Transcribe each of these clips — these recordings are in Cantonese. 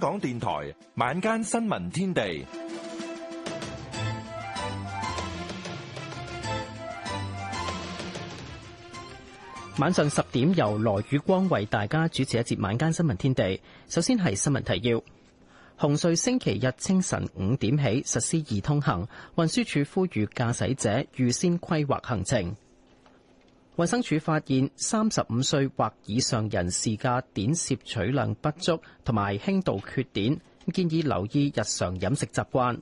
香港電台晚間新聞天地，晚上十點由羅宇光為大家主持一節晚間新聞天地。首先係新聞提要：紅隧星期日清晨五點起實施易通行，運輸署呼籲駕駛者預先規劃行程。衛生署發現三十五歲或以上人士嘅碘攝取量不足同埋輕度缺碘，建議留意日常飲食習慣。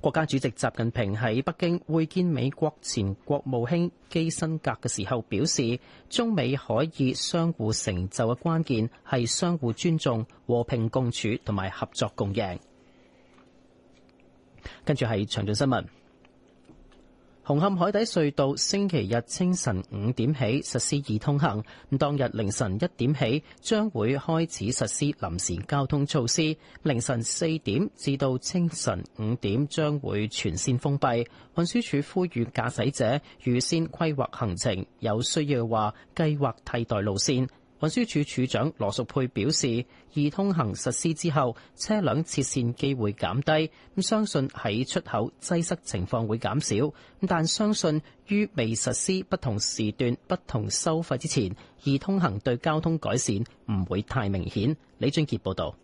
國家主席習近平喺北京會見美國前國務卿基辛格嘅時候表示，中美可以相互成就嘅關鍵係相互尊重、和平共處同埋合作共贏。跟住係詳盡新聞。紅磡海底隧道星期日清晨五點起實施易通行，咁當日凌晨一點起將會開始實施臨時交通措施，凌晨四點至到清晨五點將會全線封閉。運輸署呼籲駕駛者預先規劃行程，有需要嘅話計劃替代路線。運輸署署長羅淑佩表示，易通行實施之後，車輛切線機會減低，咁相信喺出口擠塞情況會減少。但相信於未實施不同時段不同收費之前，易通行對交通改善唔會太明顯。李俊傑報道。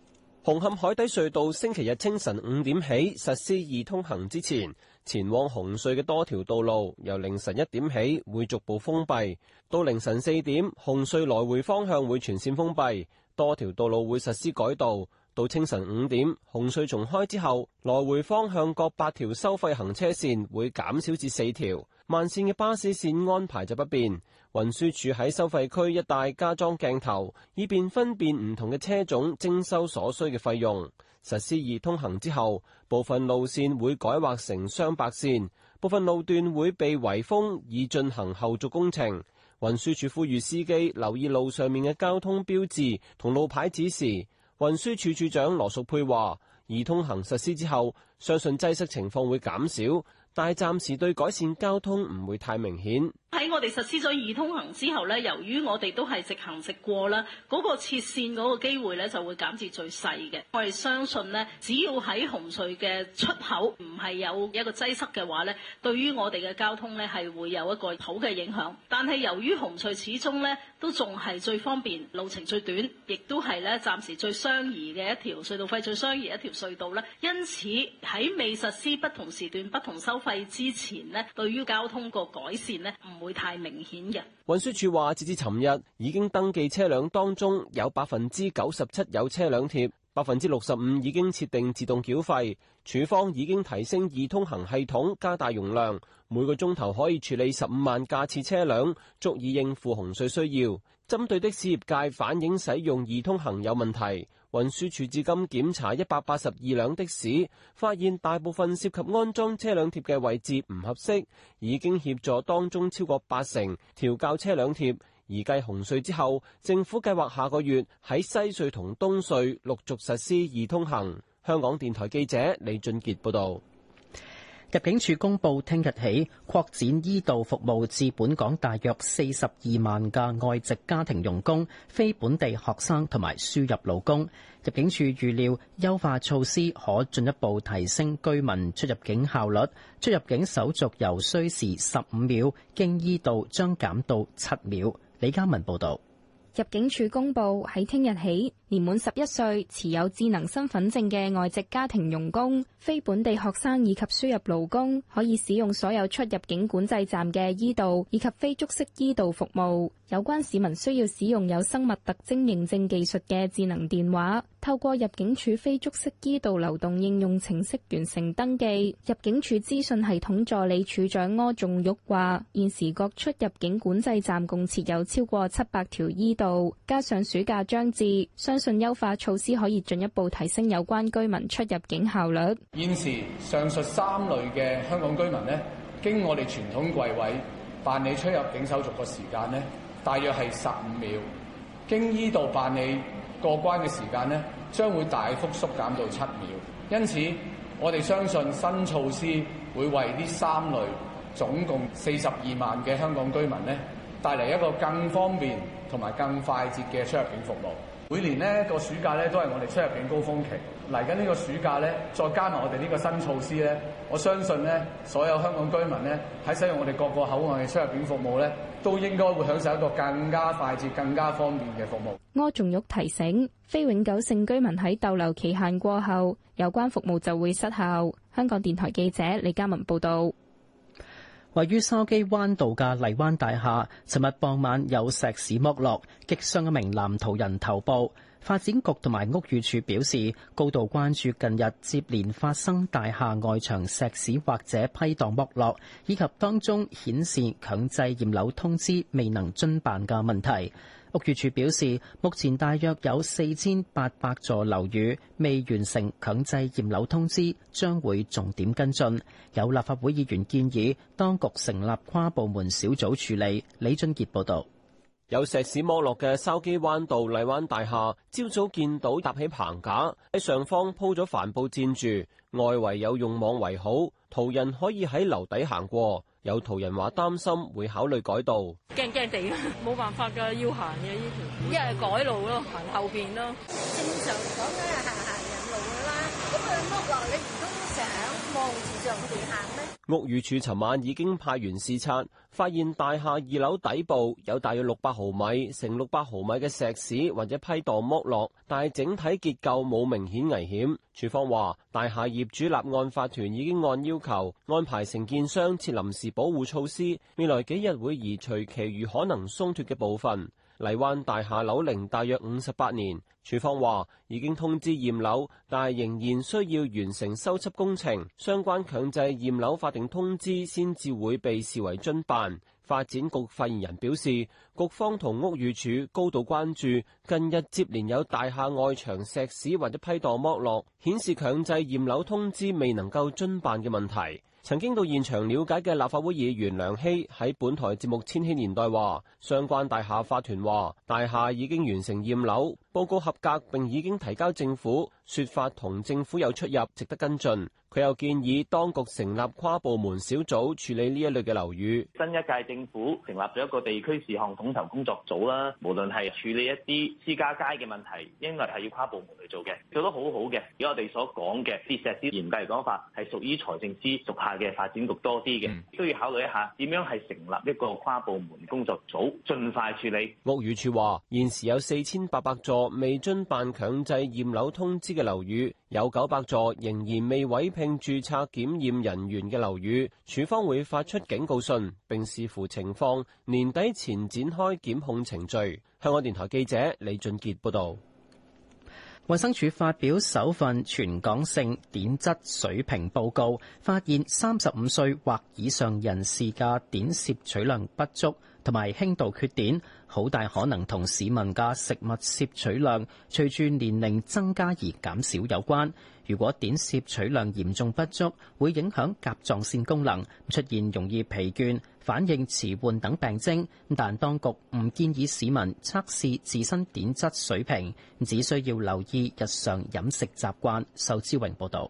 紅磡海底隧道星期日清晨五點起實施易通行之前，前往紅隧嘅多條道路，由凌晨一點起會逐步封閉，到凌晨四點，紅隧來回方向會全線封閉，多條道路會實施改道。到清晨五點，紅隧重開之後，來回方向各八條收費行車線會減少至四條，慢線嘅巴士線安排就不變。運輸署喺收費區一帶加裝鏡頭，以便分辨唔同嘅車種，徵收所需嘅費用。實施易通行之後，部分路線會改劃成雙白線，部分路段會被圍封以進行後續工程。運輸署呼籲司機留意路上面嘅交通標誌同路牌指示。運輸署署長羅淑佩話，易通行實施之後，相信擠塞情況會減少，但暫時對改善交通唔會太明顯。喺我哋實施咗易通行之後咧，由於我哋都係直行直過啦，嗰個切線嗰個機會咧就會減至最細嘅。我哋相信咧，只要喺紅隧嘅出口唔係有一個擠塞嘅話咧，對於我哋嘅交通咧係會有一個好嘅影響。但係由於紅隧始終咧。都仲係最方便、路程最短，亦都係咧暫時最相宜嘅一條隧道費，最相宜一條隧道啦。因此喺未實施不同時段不同收費之前咧，對於交通個改善呢唔會太明顯嘅。運輸署話，截至尋日已經登記車輛當中有百分之九十七有車輛貼，百分之六十五已經設定自動繳費。署方已經提升易通行系統，加大容量。每個鐘頭可以處理十五萬架次車輛，足以應付紅隧需要。針對的士業界反映使用易通行有問題，運輸處至今檢查一百八十二輛的士，發現大部分涉及安裝車輛貼嘅位置唔合適，已經協助當中超過八成調校車輛貼。而繼紅隧之後，政府計劃下個月喺西隧同東隧陸續實施易通行。香港電台記者李俊杰報道。入境處公布，聽日起擴展 e- 道服務至本港大約四十二萬嘅外籍家庭傭工、非本地學生同埋輸入勞工。入境處預料優化措施可進一步提升居民出入境效率，出入境手續由需時十五秒經 e- 道將減到七秒。李嘉文報道。入境處公布喺聽日起，年滿十一歲持有智能身份證嘅外籍家庭傭工、非本地學生以及輸入勞工，可以使用所有出入境管制站嘅伊度以及非接觸式伊度服務。有關市民需要使用有生物特徵認證技術嘅智能電話。透過入境處非觸式依道流動應用程式完成登記。入境處資訊系統助理處長柯仲玉話：現時各出入境管制站共設有超過七百條依道，加上暑假將至，相信優化措施可以進一步提升有關居民出入境效率。現時上述三類嘅香港居民咧，經我哋傳統櫃位辦理出入境手續嘅時間呢，大約係十五秒，經依道辦理過關嘅時間呢，將會大幅縮減到七秒，因此我哋相信新措施會為呢三類總共四十二萬嘅香港居民呢，帶嚟一個更方便同埋更快捷嘅出入境服務。每年呢個暑假咧都係我哋出入境高峰期。嚟緊呢個暑假咧，再加埋我哋呢個新措施咧，我相信咧，所有香港居民咧喺使用我哋各個口岸嘅出入境服務咧，都應該會享受一個更加快捷、更加方便嘅服務。柯仲玉提醒：非永久性居民喺逗留期限過後，有關服務就會失效。香港電台記者李嘉文報道。位於筲箕灣道嘅荔灣大廈，尋日傍晚有石屎剝落，擊傷一名男途人頭部。發展局同埋屋宇署表示，高度關注近日接連發生大廈外牆石屎或者批盪剝落，以及當中顯示強制驗樓通知未能遵辦嘅問題。屋宇署表示，目前大約有四千八百座樓宇未完成強制驗樓通知，將會重點跟進。有立法會議員建議，當局成立跨部門小組處理。李俊傑報導，有石屎剝落嘅筲箕灣道麗灣大廈，朝早見到搭起棚架喺上方鋪咗帆布墊住，外圍有用網圍好，途人可以喺樓底行過。有途人話擔心會考慮改道，驚驚哋啦，冇辦法㗎，要行嘅呢條，因為改路咯，行後邊咯，正常講梗係行行人路㗎啦，咁樣碌落你唔通想望住上佢哋行咩？屋宇署尋晚已經派員視察，發現大廈二樓底部有大約六百毫米乘六百毫米嘅石屎或者批盪剝落，但係整體結構冇明顯危險。署方話，大廈業主立案法團已經按要求安排承建商設臨時保護措施，未來幾日會移除其餘可能鬆脫嘅部分。荔灣大廈樓齡大約五十八年，署方話已經通知驗樓，但係仍然需要完成修葺工程，相關強制驗樓法定通知先至會被視為遵辦。發展局發言人表示，局方同屋宇署高度關注近日接連有大廈外牆石屎或者批盪剝落，顯示強制驗樓通知未能夠遵辦嘅問題。曾經到現場了解嘅立法會議員梁希喺本台節目《千禧年代》話，相關大廈法團話，大廈已經完成驗樓。報告合格並已經提交政府，說法同政府有出入，值得跟進，佢又建議當局成立跨部門小組處理呢一類嘅樓宇。新一屆政府成立咗一個地區事項統籌工作組啦，無論係處理一啲私家街嘅問題應該係要跨部門去做嘅，做得好好嘅。如果我哋所講嘅事實之嚴格嚟講法，係屬於財政司屬下嘅發展局多啲嘅，都、嗯、要考慮一下點樣係成立一個跨部門工作組盡快處理。屋宇、嗯、署話現時有四千八百座。未遵辦強制驗樓通知嘅樓宇有九百座，仍然未委聘註冊檢驗人員嘅樓宇，署方會發出警告信，並視乎情況，年底前展開檢控程序。香港電台記者李俊杰報道。衛生署發表首份全港性碘質水平報告，發現三十五歲或以上人士嘅碘攝取量不足，同埋輕度缺碘，好大可能同市民嘅食物攝取量隨住年齡增加而減少有關。如果碘攝取量嚴重不足，會影響甲狀腺功能，出現容易疲倦、反應遲緩等病徵。但當局唔建議市民測試自身碘質水平，只需要留意日常飲食習慣。壽之榮報道。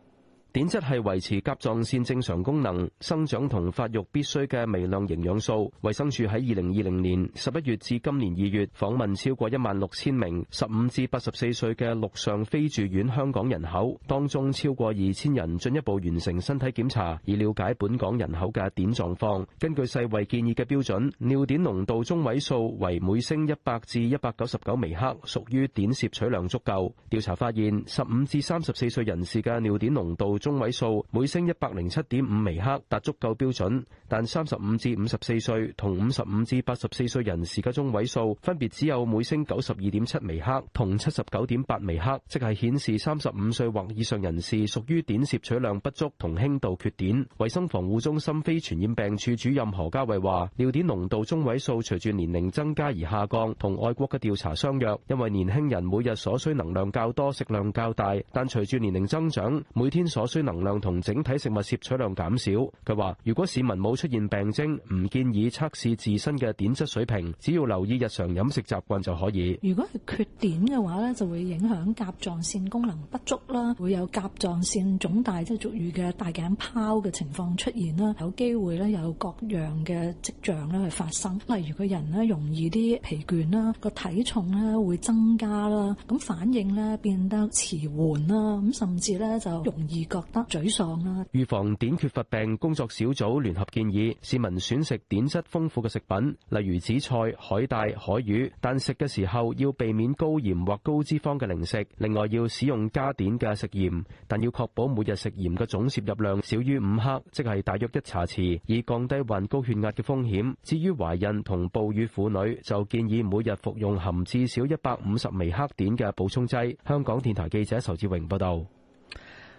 碘質係維持甲狀腺正常功能、生長同發育必須嘅微量營養素。衛生署喺二零二零年十一月至今年二月，訪問超過一萬六千名十五至八十四歲嘅陸上非住院香港人口，當中超過二千人進一步完成身體檢查，以了解本港人口嘅碘狀況。根據世衛建議嘅標準，尿碘濃度中位數為每升一百至一百九十九微克，屬於碘攝取量足夠。調查發現，十五至三十四歲人士嘅尿碘濃度。中位數每升一百零七點五微克達足夠標準，但三十五至五十四歲同五十五至八十四歲人士嘅中位數分別只有每升九十二點七微克同七十九點八微克，即係顯示三十五歲或以上人士屬於碘攝取量不足同輕度缺碘。衛生防護中心非傳染病處主任何家慧話：尿碘濃度中位數隨住年齡增加而下降，同外國嘅調查相若，因為年輕人每日所需能量較多，食量較大，但隨住年齡增長，每天所需需能量同整體食物攝取量減少。佢話：如果市民冇出現病徵，唔建議測試自身嘅碘質水平，只要留意日常飲食習慣就可以。如果係缺碘嘅話咧，就會影響甲狀腺功能不足啦，會有甲狀腺腫大即係俗語嘅大頸泡嘅情況出現啦，有機會咧有各樣嘅跡象咧去發生，例如個人咧容易啲疲倦啦，個體重咧會增加啦，咁反應咧變得遲緩啦，咁甚至咧就容易覺沮喪。預防碘缺乏病工作小組聯合建議市民選食碘質豐富嘅食品，例如紫菜、海帶、海魚，但食嘅時候要避免高鹽或高脂肪嘅零食。另外要使用加碘嘅食鹽，但要確保每日食鹽嘅總攝入量少於五克，即係大約一茶匙，以降低患高血壓嘅風險。至於懷孕同哺乳婦女，就建議每日服用含至少一百五十微克碘嘅補充劑。香港電台記者仇志榮報道。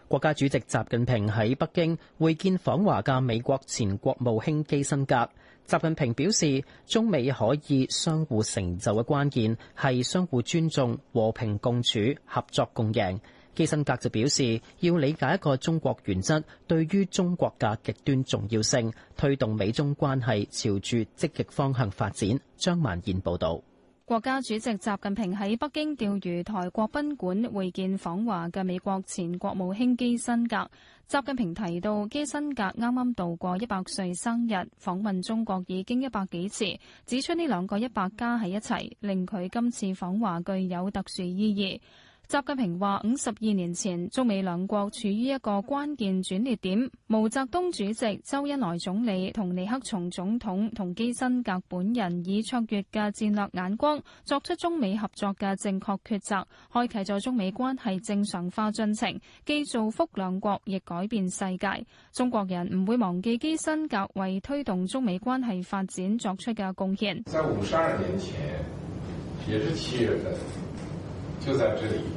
國家主席習近平喺北京會見訪華嘅美國前國務卿基辛格。習近平表示，中美可以相互成就嘅關鍵係相互尊重、和平共處、合作共贏。基辛格就表示，要理解一個中國原則對於中國嘅極端重要性，推動美中關係朝住積極方向發展。張曼燕報道。國家主席習近平喺北京釣魚台國賓館會見訪華嘅美國前國務卿基辛格。習近平提到，基辛格啱啱度過一百歲生日，訪問中國已經一百幾次，指出呢兩個家一百加喺一齊，令佢今次訪華具有特殊意義。習近平話：五十二年前，中美兩國處於一個關鍵轉捩點。毛澤東主席、周恩來總理同尼克松總統同基辛格本人以卓越嘅戰略眼光，作出中美合作嘅正確抉擇，開啟咗中美關係正常化進程，既造福兩國，亦改變世界。中國人唔會忘記基辛格為推動中美關係發展作出嘅貢獻。在五十二年前，也是七月份，就在這裏。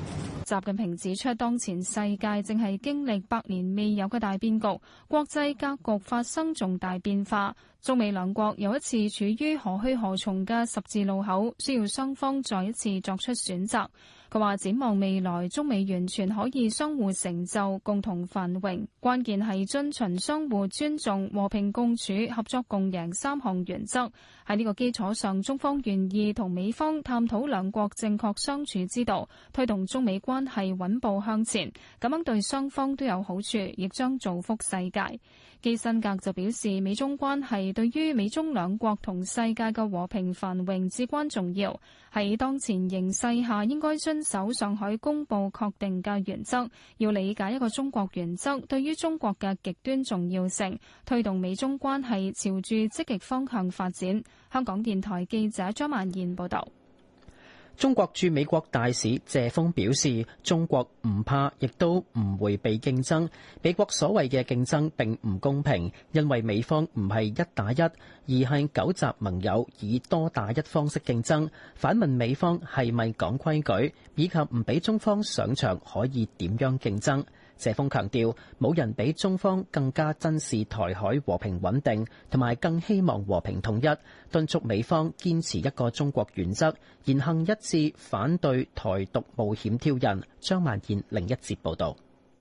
習近平指出，當前世界正係經歷百年未有嘅大變局，國際格局發生重大變化，中美兩國又一次處於何去何從嘅十字路口，需要雙方再一次作出選擇。佢話：展望未來，中美完全可以相互成就、共同繁榮。關鍵係遵循相互尊重、和平共處、合作共贏三項原則。喺呢個基礎上，中方願意同美方探討兩國正確相處之道，推動中美關係穩步向前。咁樣對雙方都有好處，亦將造福世界。基辛格就表示，美中關係對於美中兩國同世界嘅和平繁榮至關重要，喺當前形勢下應該遵守上海公布確定嘅原則，要理解一個中國原則對於中國嘅極端重要性，推動美中關係朝住積極方向發展。香港電台記者張曼燕報道。中國駐美國大使謝鋒表示，中國唔怕，亦都唔會被競爭。美國所謂嘅競爭並唔公平，因為美方唔係一打一，而係九集盟友以多打一方式競爭。反問美方係咪講規矩，以及唔畀中方上場可以點樣競爭？謝鋒強調，冇人比中方更加珍視台海和平穩定，同埋更希望和平統一，敦促美方堅持一個中國原則，言行一致反對台獨冒險挑釁。張萬賢，另一節報道，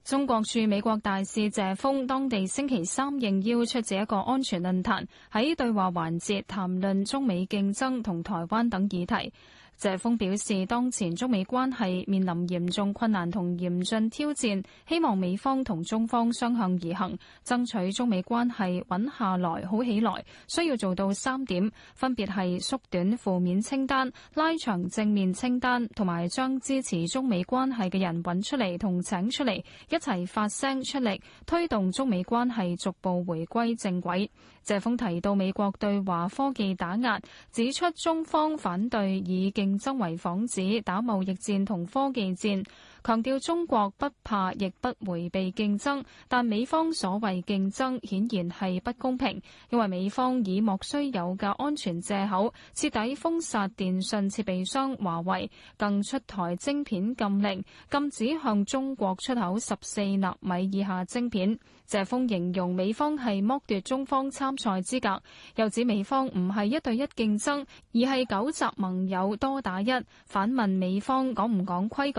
中國駐美國大使謝鋒，當地星期三應邀出席一個安全論壇，喺對話環節談論中美競爭同台灣等議題。謝鋒表示，當前中美關係面臨嚴重困難同嚴峻挑戰，希望美方同中方相向而行，爭取中美關係穩下來、好起來。需要做到三點，分別係縮短負面清單、拉長正面清單，同埋將支持中美關係嘅人揾出嚟同請出嚟，一齊發聲出力，推動中美關係逐步回歸正軌。謝峰提到美國對華科技打壓，指出中方反對以競爭為幌子打貿易戰同科技戰，強調中國不怕亦不回避競爭，但美方所謂競爭顯然係不公平，因為美方以莫須有嘅安全借口徹底封殺電信設備商華為，更出台晶片禁令，禁止向中國出口十四納米以下晶片。謝鋒形容美方係剝奪中方參賽資格，又指美方唔係一對一競爭，而係糾集盟友多打一。反問美方講唔講規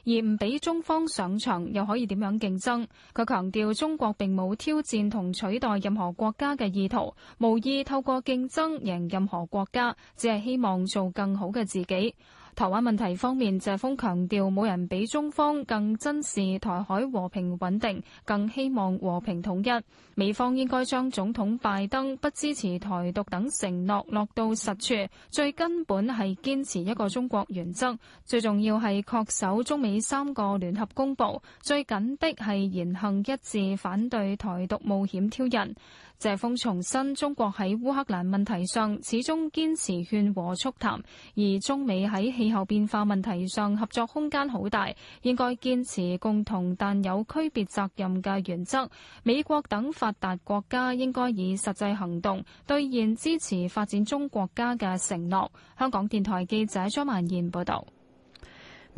矩，而唔俾中方上場，又可以點樣競爭？佢強調，中國並冇挑戰同取代任何國家嘅意圖，無意透過競爭贏任何國家，只係希望做更好嘅自己。台灣問題方面，謝鋒強調，冇人比中方更珍視台海和平穩定，更希望和平統一。美方應該將總統拜登不支持台獨等承諾落到實處，最根本係堅持一個中國原則，最重要係確守中美三個聯合公佈，最緊迫係言行一致，反對台獨冒險挑釁。謝鋒重申，中國喺烏克蘭問題上始終堅持勸和促談，而中美喺氣候變化問題上合作空間好大，應該堅持共同但有區別責任嘅原則。美國等發達國家應該以實際行動兌現支持發展中國家嘅承諾。香港電台記者張曼燕報道。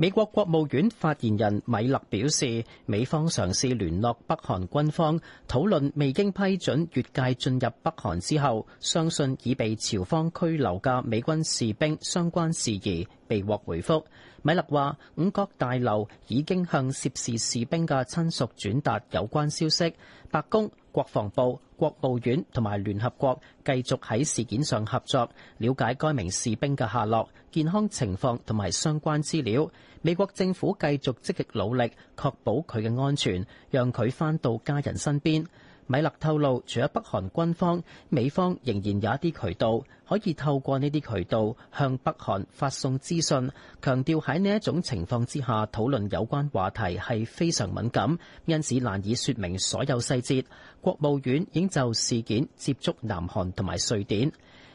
美國國務院發言人米勒表示，美方嘗試聯絡北韓軍方，討論未經批准越界進入北韓之後，相信已被朝方拘留嘅美軍士兵相關事宜被獲回覆。米勒話，五角大樓已經向涉事士，士兵嘅親屬轉達有關消息。白宮。國防部、國務院同埋聯合國繼續喺事件上合作，了解該名士兵嘅下落、健康情況同埋相關資料。美國政府繼續積極努力，確保佢嘅安全，讓佢翻到家人身邊。米勒透露，除咗北韓軍方，美方仍然有一啲渠道可以透過呢啲渠道向北韓發送資訊，強調喺呢一種情況之下，討論有關話題係非常敏感，因此難以說明所有細節。國務院已經就事件接觸南韓同埋瑞典。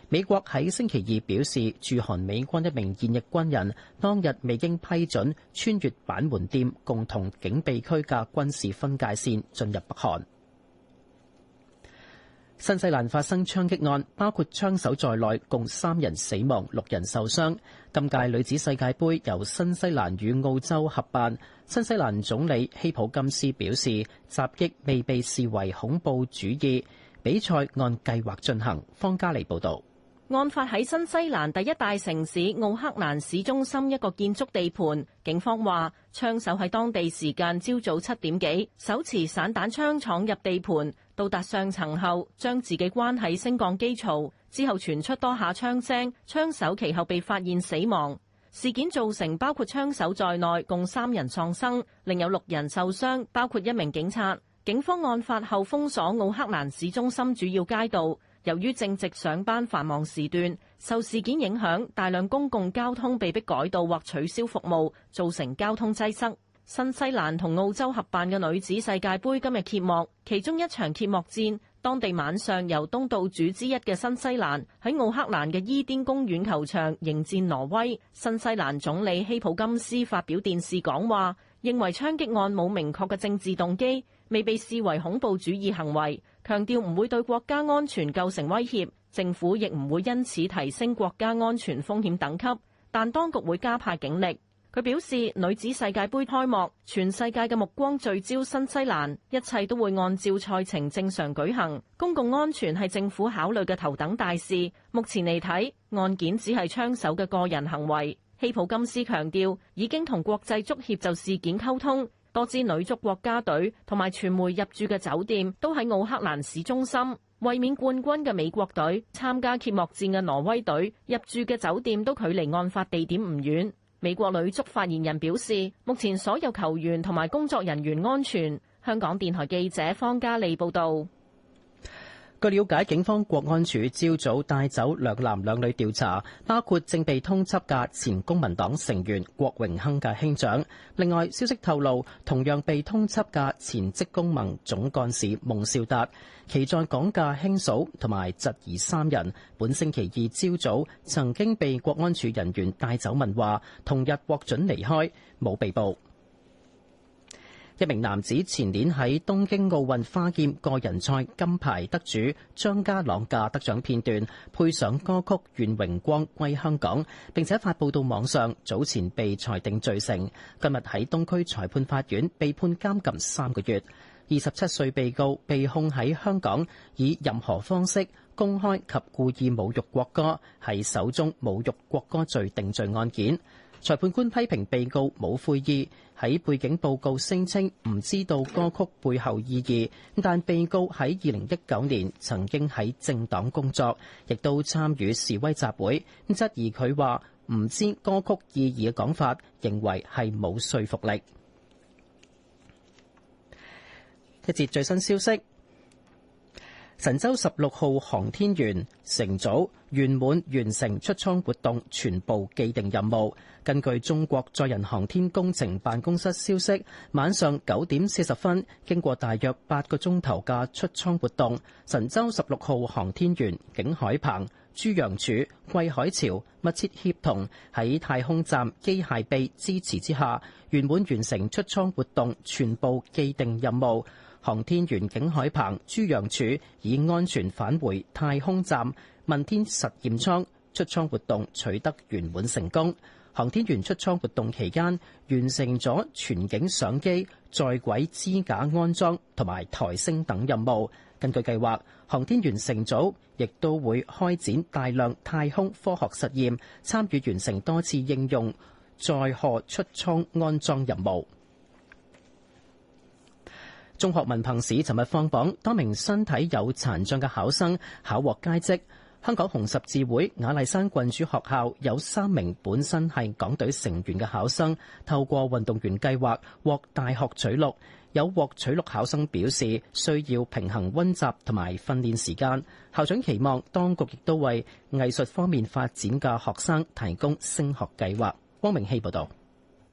美國喺星期二表示，駐韓美軍一名現役軍人當日未經批准穿越板門店共同警備區嘅軍事分界線進入北韓。新西蘭發生槍擊案，包括槍手在內共三人死亡，六人受傷。今屆女子世界杯由新西蘭與澳洲合辦，新西蘭總理希普金斯表示，襲擊未被視為恐怖主義，比賽按計劃進行。方家莉報道。案發喺新西蘭第一大城市奧克蘭市中心一個建築地盤，警方話，槍手喺當地時間朝早七點幾，手持散彈槍闖入地盤。到達上層後，將自己關喺升降機槽，之後傳出多下槍聲，槍手其後被發現死亡。事件造成包括槍手在內共三人喪生，另有六人受傷，包括一名警察。警方案發後封鎖奧克蘭市中心主要街道，由於正值上班繁忙時段，受事件影響，大量公共交通被迫改道或取消服務，造成交通擠塞。新西蘭同澳洲合辦嘅女子世界杯今日揭幕，其中一場揭幕戰，當地晚上由東道主之一嘅新西蘭喺奧克蘭嘅伊甸公園球場迎戰挪威。新西蘭總理希普金斯發表電視講話，認為槍擊案冇明確嘅政治動機，未被視為恐怖主義行為，強調唔會對國家安全構成威脅，政府亦唔會因此提升國家安全風險等級，但當局會加派警力。佢表示女子世界杯開幕，全世界嘅目光聚焦新西蘭，一切都會按照賽程正常舉行。公共安全係政府考慮嘅頭等大事。目前嚟睇，案件只係槍手嘅個人行為。希普金斯強調，已經同國際足協就事件溝通。多支女足國家隊同埋傳媒入住嘅酒店都喺奧克蘭市中心。衛冕冠軍嘅美國隊參加揭幕戰嘅挪威隊入住嘅酒店都距離案發地點唔遠。美國女足發言人表示，目前所有球員同埋工作人員安全。香港電台記者方嘉莉報道。據了解，警方國安處朝早帶走兩男兩女調查，包括正被通緝嘅前公民黨成員郭榮鏗嘅兄長。另外，消息透露同樣被通緝嘅前職工盟總幹事孟兆達，其在港嘅兄嫂同埋侄兒三人，本星期二朝早曾經被國安處人員帶走問話，同日獲准離開，冇被捕。一名男子前年喺東京奧運花劍個人賽金牌得主張家朗嘅得獎片段，配上歌曲《願榮光歸香港》，並且發布到網上。早前被裁定罪成，今日喺東區裁判法院被判監禁三個月。二十七歲被告被控喺香港以任何方式公開及故意侮辱國歌，係首宗侮辱國歌罪定罪案件。裁判官批評被告冇悔意，喺背景報告聲稱唔知道歌曲背後意義，但被告喺二零一九年曾經喺政黨工作，亦都參與示威集會，質疑佢話唔知歌曲意義嘅講法，認為係冇說服力。一節最新消息。神舟十六號航天員乘組，圓滿完成出艙活動全部既定任務。根據中國載人航天工程辦公室消息，晚上九點四十分，經過大約八個鐘頭嘅出艙活動，神舟十六號航天員景海鵬、朱楊柱、桂海潮密切協同喺太空站機械臂支持之下，圓滿完成出艙活動全部既定任務。航天員景海鵬、朱楊柱已安全返回太空站問天實驗艙，出艙活動取得圓滿成功。航天員出艙活動期間，完成咗全景相機在軌支架安裝同埋抬升等任務。根據計劃，航天員乘組亦都會開展大量太空科學實驗，參與完成多次應用載荷出艙安裝任務。中學文憑試尋日放榜，多名身體有殘障嘅考生考獲佳績。香港紅十字會雅麗珊郡主學校有三名本身係港隊成員嘅考生，透過運動員計劃獲大學取錄。有獲取錄考生表示需要平衡溫習同埋訓練時間。校長期望當局亦都為藝術方面發展嘅學生提供升學計劃。汪明希報導。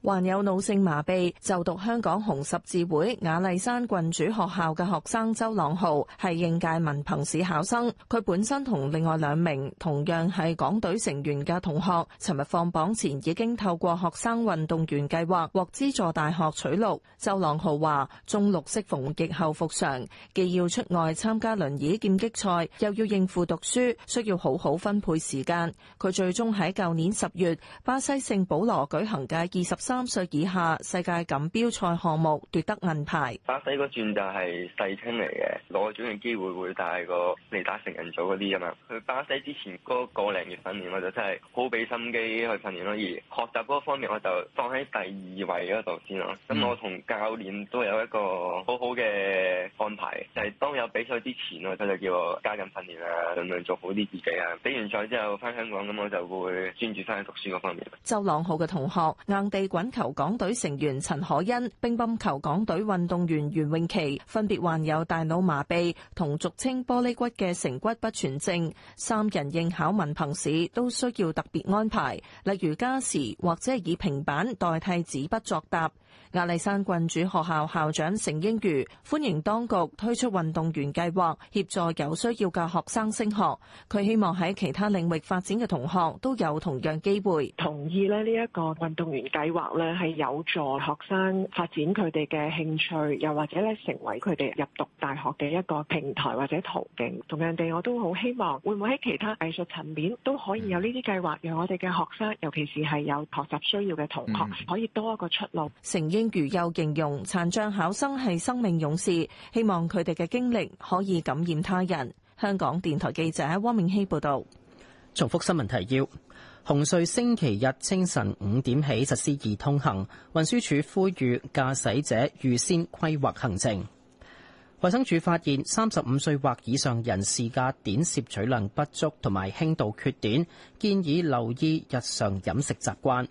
患有腦性麻痹、就讀香港紅十字會雅麗珊郡主學校嘅學生周朗豪係應屆文憑試考生。佢本身同另外兩名同樣係港隊成員嘅同學，尋日放榜前已經透過學生運動員計劃獲資助大學取錄。周朗豪話：中六適逢疫後復常，既要出外參加輪椅劍擊賽，又要應付讀書，需要好好分配時間。佢最終喺舊年十月，巴西聖保羅舉行嘅二十三。三歲以下世界錦標賽項目奪得銀牌。巴西嗰轉就係細青嚟嘅，攞咗嘅機會會大過嚟打成人組嗰啲啊嘛。去巴西之前嗰個零月訓練，我就真係好俾心機去訓練咯。而學習嗰方面，我就放喺第二位嗰度先咯。咁、嗯、我同教練都有一個好好嘅安排，就係、是、當有比賽之前，我就就叫我加緊訓練啊，咁樣做好啲自己啊。比完賽之後翻香港，咁我就會專注翻喺讀書嗰方面。周朗浩嘅同學硬地滾球港隊成員陳可欣、乒乓球港隊運動員袁詠琪分別患有大腦麻痹同俗稱玻璃骨嘅成骨不全症，三人應考文憑試都需要特別安排，例如加時或者以平板代替紙筆作答。雅麗珊郡主學校校長成英如歡迎當局推出運動員計劃，協助有需要嘅學生升學。佢希望喺其他領域發展嘅同學都有同樣機會。同意咧呢一個運動員計劃咧係有助學生發展佢哋嘅興趣，又或者咧成為佢哋入讀大學嘅一個平台或者途徑。同樣地，我都好希望會唔會喺其他藝術層面都可以有呢啲計劃，讓我哋嘅學生，尤其是係有學習需要嘅同學，可以多一個出路。英如又形容殘障考生係生命勇士，希望佢哋嘅經歷可以感染他人。香港電台記者汪明希報道。重複新聞提要：紅隧星期日清晨五點起實施易通行，運輸署呼籲駕駛者預先規劃行程。衛生署發現三十五歲或以上人士嘅碘攝取量不足同埋輕度缺碘，建議留意日常飲食習慣。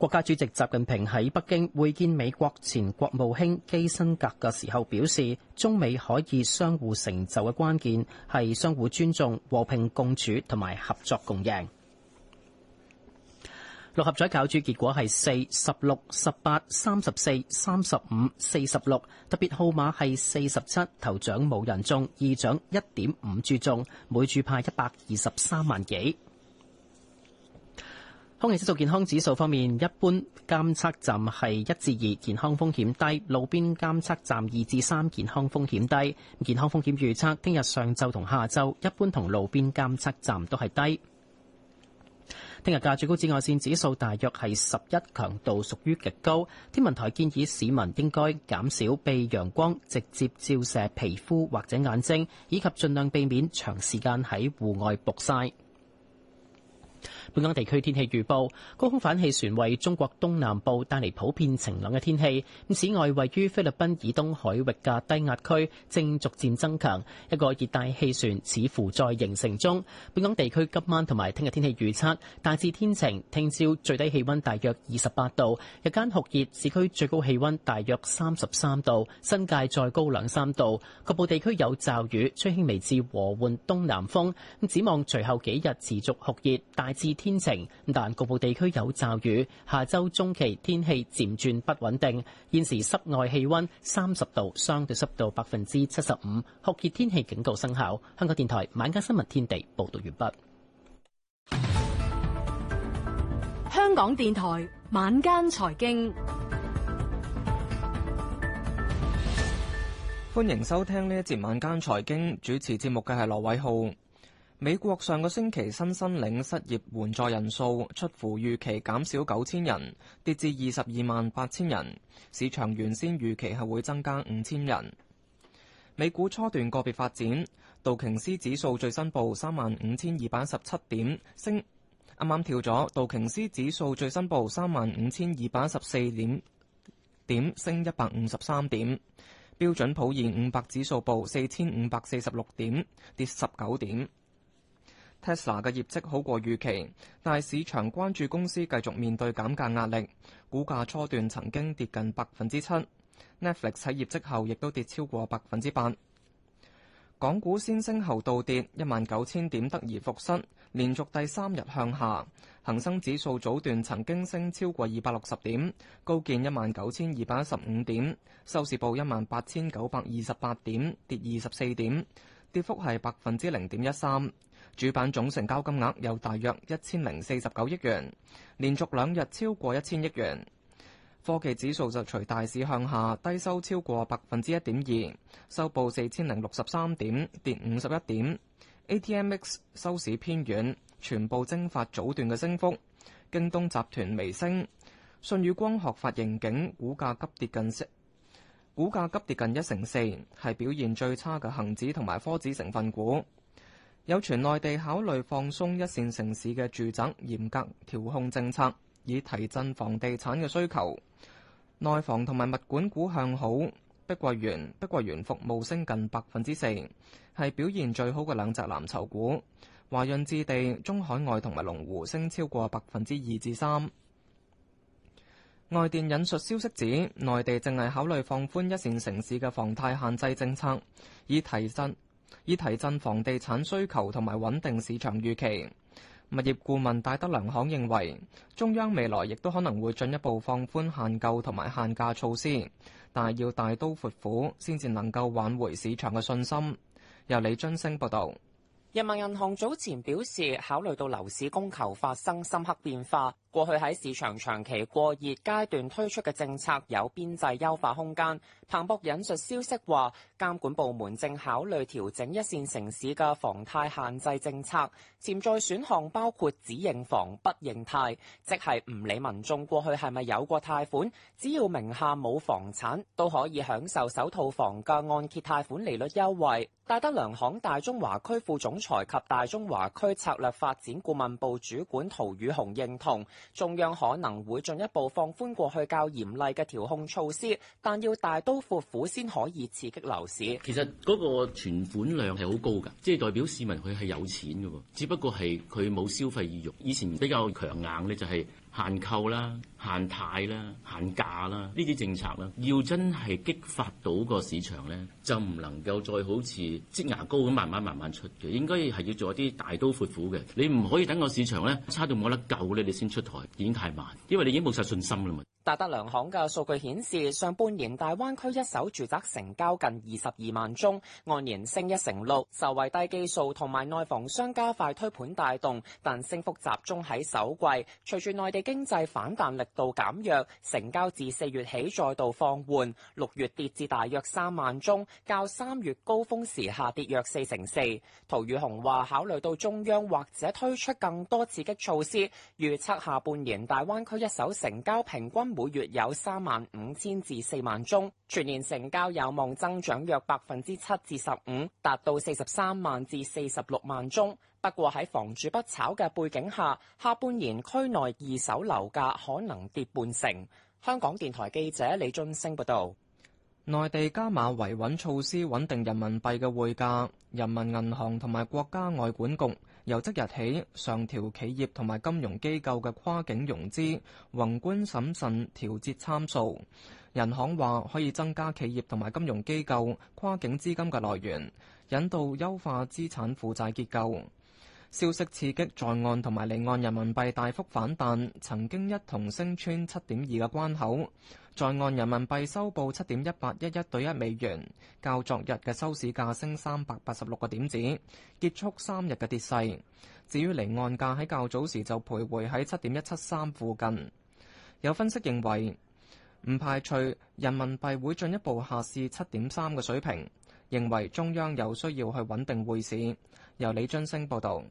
國家主席習近平喺北京會見美國前國務卿基辛格嘅時候表示，中美可以相互成就嘅關鍵係相互尊重、和平共處同埋合作共贏。六合彩攪珠結果係四、十六、十八、三十四、三十五、四十六，特別號碼係四十七。頭獎冇人中，二獎一點五注中，每注派一百二十三萬幾。空氣質素健康指數方面，一般監測站係一至二，健康風險低；路邊監測站二至三，健康風險低。健康風險預測，聽日上晝同下晝，一般同路邊監測站都係低。聽日嘅最高紫外線指數大約係十一，強度屬於極高。天文台建議市民應該減少被陽光直接照射皮膚或者眼睛，以及盡量避免長時間喺戶外曝曬。本港地區天氣預報：高空反氣旋為中國東南部帶嚟普遍晴朗嘅天氣。咁此外，位於菲律賓以東海域嘅低壓區正逐漸增強，一個熱帶氣旋似乎在形成中。本港地區今晚同埋聽日天氣預測，大致天晴，聽朝最低氣溫大約二十八度，日間酷熱，市區最高氣溫大約三十三度，新界再高兩三度。局部地區有驟雨，吹輕微至和緩東南風。咁展望隨後幾日持續酷熱，大。大致天晴，但局部地區有驟雨。下周中期天氣漸轉轉不穩定。現時室外氣溫三十度，相對濕度百分之七十五，酷熱天氣警告生效。香港電台晚間新聞天地報道完畢。香港電台晚間財經，歡迎收聽呢一節晚間財經，主持節目嘅係羅偉浩。美國上個星期新申領失業援助人數出乎預期減少九千人，跌至二十二萬八千人。市場原先預期係會增加五千人。美股初段個別發展，道瓊斯指數最新報三萬五千二百十七點，升，啱啱跳咗。道瓊斯指數最新報三萬五千二百十四點，點升一百五十三點。標準普爾五百指數報四千五百四十六點，跌十九點。Tesla 嘅業績好過預期，但係市場關注公司繼續面對減價壓力，股價初段曾經跌近百分之七。Netflix 喺業績後亦都跌超過百分之八。港股先升後倒跌，一萬九千點得而復失，連續第三日向下。恒生指數早段曾經升超過二百六十點，高見一萬九千二百一十五點，收市報一萬八千九百二十八點，跌二十四點，跌幅係百分之零點一三。主板總成交金額有大約一千零四十九億元，連續兩日超過一千億元。科技指數就隨大市向下低收超過百分之一點二，收報四千零六十三點，跌五十一點。ATMX 收市偏軟，全部蒸發早段嘅升幅。京東集團微升，信宇光學發盈警，股價急跌近四，股價急跌近一成四，係表現最差嘅恒指同埋科指成分股。有傳內地考慮放鬆一線城市嘅住宅嚴格調控政策，以提振房地產嘅需求。內房同埋物管股向好，碧桂園、碧桂園服務升近百分之四，係表現最好嘅兩隻藍籌股。華潤置地、中海外同埋龍湖升超過百分之二至三。外電引述消息指，內地正係考慮放寬一線城市嘅房貸限制政策，以提振。以提振房地產需求同埋穩定市場預期。物業顧問戴德良行認為，中央未來亦都可能會進一步放寬限購同埋限價措施，但係要大刀闊斧，先至能夠挽回市場嘅信心。由李津升報道。人民銀行早前表示，考慮到樓市供求發生深刻變化。過去喺市場長期過熱階段推出嘅政策，有邊際優化空間。彭博引述消息話，監管部門正考慮調整一綫城市嘅房貸限制政策，潛在選項包括只認房不認貸，即係唔理民眾過去係咪有過貸款，只要名下冇房產都可以享受首套房嘅按揭貸款利率優惠。戴德梁行大中華區副總裁及大中華區策略發展顧問部主管陶宇雄認同。中央可能會進一步放寬過去較嚴厲嘅調控措施，但要大刀闊斧先可以刺激樓市。其實嗰個存款量係好高㗎，即係代表市民佢係有錢㗎喎，只不過係佢冇消費意欲。以前比較強硬咧，就係、是。限購啦、限貸啦、限價啦，呢啲政策啦，要真係激發到個市場咧，就唔能夠再好似擠牙膏咁慢慢慢慢出嘅，應該係要做一啲大刀闊斧嘅。你唔可以等個市場咧差到冇得救咧，你先出台，已經太慢，因為你已經冇晒信心啦嘛。達德良行嘅數據顯示，上半年大灣區一手住宅成交近二十二萬宗，按年升一成六。受惠低基數同埋內房商加快推盤帶動，但升幅集中喺首季。隨住內地經濟反彈力度減弱，成交自四月起再度放緩，六月跌至大約三萬宗，較三月高峰時下跌約四成四。陶宇雄話，考慮到中央或者推出更多刺激措施，預測下半年大灣區一手成交平均，每月有三萬五千至四萬宗，全年成交有望增長約百分之七至十五，達到四十三萬至四十六萬宗。不過喺房住不炒嘅背景下，下半年區內二手樓價可能跌半成。香港電台記者李俊升報道。內地加碼維穩措施穩定人民幣嘅匯價，人民銀行同埋國家外管局，由即日起，上調企業同埋金融機構嘅跨境融資宏觀審慎調節參數。人行話可以增加企業同埋金融機構跨境資金嘅來源，引導優化資產負債結構。消息刺激在岸同埋離岸人民幣大幅反彈，曾經一同升穿七點二嘅關口。在岸人民幣收報七點一八一一對一美元，較昨日嘅收市價升三百八十六個點子，結束三日嘅跌勢。至於離岸價喺較早時就徘徊喺七點一七三附近。有分析認為，唔排除人民幣會進一步下試七點三嘅水平，認為中央有需要去穩定匯市。由李津星報導。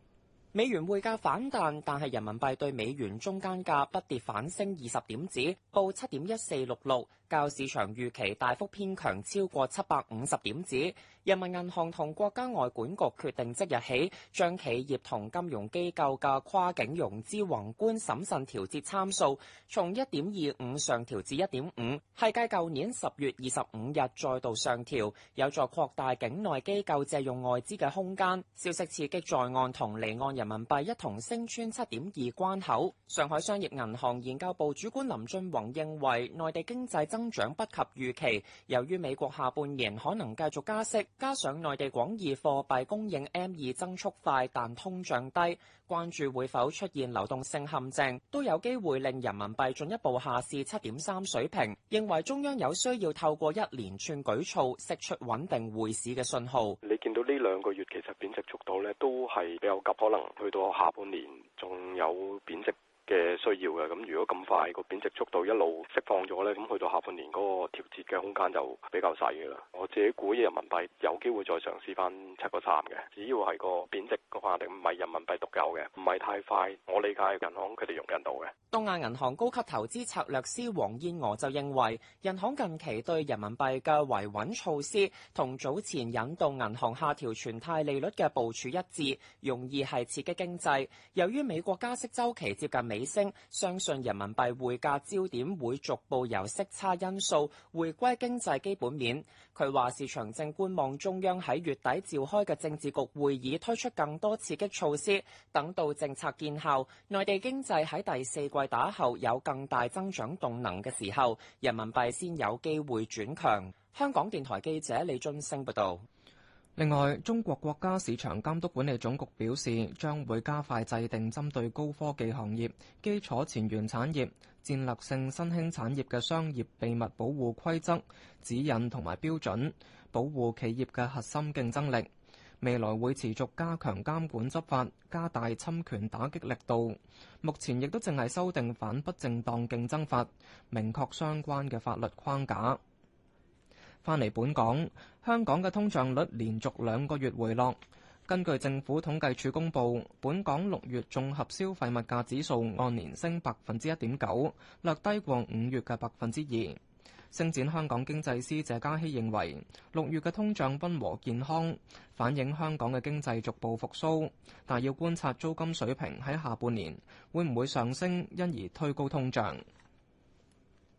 美元匯價反彈，但係人民幣對美元中間價不跌反升二十點子，報七點一四六六，較市場預期大幅偏強超過七百五十點子。人民銀行同國家外管局決定即日起，將企業同金融機構嘅跨境融資宏觀審慎調節參數從一點二五上調至一點五，係繼舊年十月二十五日再度上調，有助擴大境內機構借用外資嘅空間。消息刺激在岸同離岸人民幣一同升穿七點二關口。上海商業銀行研究部主管林俊宏認為，內地經濟增長不及預期，由於美國下半年可能繼續加息。加上內地廣義貨幣供應 M2 增速快，但通脹低，關注會否出現流動性陷阱，都有機會令人民幣進一步下試七點三水平。認為中央有需要透過一連串舉措釋出穩定匯市嘅信號。你見到呢兩個月其實貶值速度呢都係比較急，可能去到下半年仲有貶值嘅需要嘅，咁如果咁快個貶值速度一路釋放咗咧，咁去到下半年嗰個調節嘅空間就比較細嘅啦。我自己估人民幣有機會再嘗試翻七個三嘅，只要係個貶值個話，定唔係人民幣獨有嘅，唔係太快，我理解銀行佢哋容忍到嘅。東亞銀行高級投資策略師黃燕娥就認為，銀行近期對人民幣嘅維穩措施同早前引導銀行下調存貸利率嘅部署一致，容易係刺激經濟，由於美國加息周期接近尾，提升，相信人民幣匯價焦點會逐步由息差因素回歸經濟基本面。佢話市場正觀望中央喺月底召開嘅政治局會議推出更多刺激措施。等到政策見效，內地經濟喺第四季打後有更大增長動能嘅時候，人民幣先有機會轉強，香港電台記者李津升報道。另外，中國國家市場監督管理總局表示，將會加快制定針對高科技行業、基礎前沿產業、戰略性新興產業嘅商業秘密保護規則、指引同埋標準，保護企業嘅核心競爭力。未來會持續加強監管執法，加大侵權打擊力度。目前亦都淨係修訂反不正當競爭法，明確相關嘅法律框架。翻嚟本港，香港嘅通脹率連續兩個月回落。根據政府統計處公布，本港六月綜合消費物價指數按年升百分之一點九，略低過五月嘅百分之二。星展香港經濟師謝嘉熙認為，六月嘅通脹温和健康，反映香港嘅經濟逐步復甦，但要觀察租金水平喺下半年會唔會上升，因而推高通脹。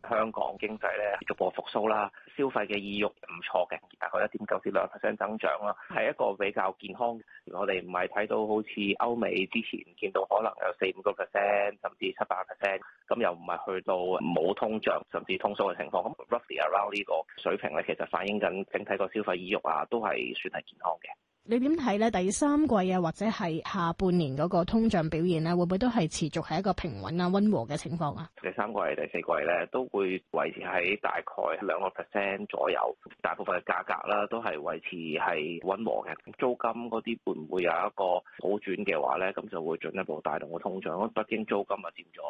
香港經濟咧逐步復甦啦，消費嘅意欲唔錯嘅，大概一點九至兩 percent 增長啦，係一個比較健康嘅。我哋唔係睇到好似歐美之前見到可能有四五個 percent 甚至七八 percent，咁又唔係去到冇通脹甚至通縮嘅情況。咁 roughly around 呢個水平咧，其實反映緊整體個消費意欲啊，都係算係健康嘅。你點睇咧？第三季啊，或者係下半年嗰個通脹表現咧，會唔會都係持續係一個平穩啊溫和嘅情況啊？第三季、第四季咧都會維持喺大概兩個 percent 左右，大部分嘅價格啦都係維持係溫和嘅。租金嗰啲會唔會有一個好轉嘅話咧？咁就會進一步帶動個通脹。北京租金啊佔咗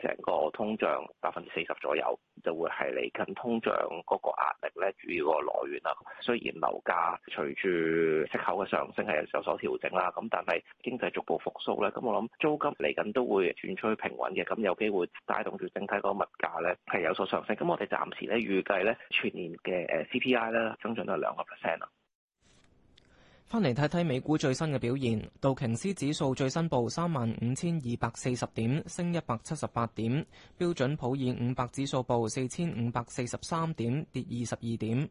成個通脹百分之四十左右，就會係嚟緊通脹嗰個壓力咧，主要個來源啦。雖然樓價隨住息口嘅上升係有所調整啦，咁但係經濟逐步復甦咧，咁我諗租金嚟緊都會轉趨平穩嘅，咁有機會帶動住整體嗰個物價咧係有所上升。咁我哋暫時咧預計咧全年嘅誒 CPI 咧增長都係兩個 percent 啊。翻嚟睇睇美股最新嘅表現，道瓊斯指數最新報三萬五千二百四十點，升一百七十八點；標準普爾五百指數報四千五百四十三點，跌二十二點。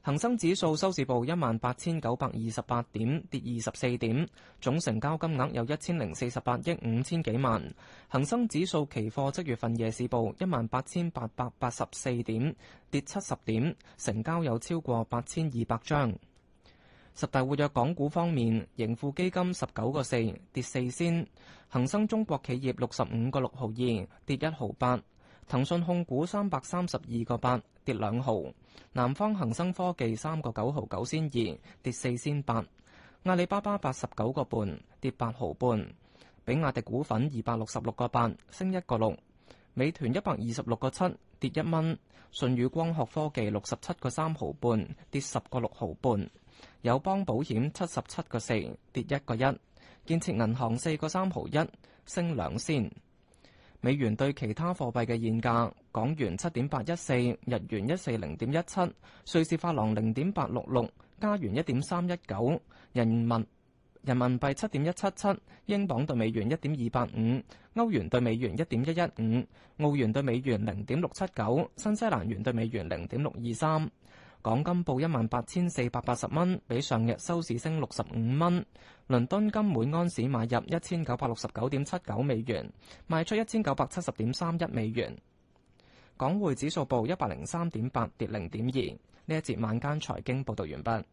恒生指數收市報一萬八千九百二十八點，跌二十四點。總成交金額有一千零四十八億五千幾萬。恒生指數期貨即月份夜市報一萬八千八百八十四點，跌七十點，成交有超過八千二百張。十大活躍港股方面，盈富基金十九個四跌四仙，恒生中國企業六十五個六毫二跌一毫八，騰訊控股三百三十二個八跌兩毫，南方恒生科技三個九毫九仙二跌四仙八，阿里巴巴八十九個半跌八毫半，比亞迪股份二百六十六個八升一個六，美團一百二十六個七跌一蚊，舜宇光學科技六十七個三毫半跌十個六毫半。友邦保險七十七個四跌一個一，建設銀行四個三毫一升兩仙。美元對其他貨幣嘅現價：港元七點八一四，日元一四零點一七，瑞士法郎零點八六六，加元一點三一九，人民人民幣七點一七七，英鎊對美元一點二八五，歐元對美元一點一一五，澳元對美元零點六七九，新西蘭元對美元零點六二三。港金報一萬八千四百八十蚊，比上日收市升六十五蚊。倫敦金每安士買入一千九百六十九點七九美元，賣出一千九百七十點三一美元。港匯指數報一百零三點八，跌零點二。呢一節晚間財經報導完畢。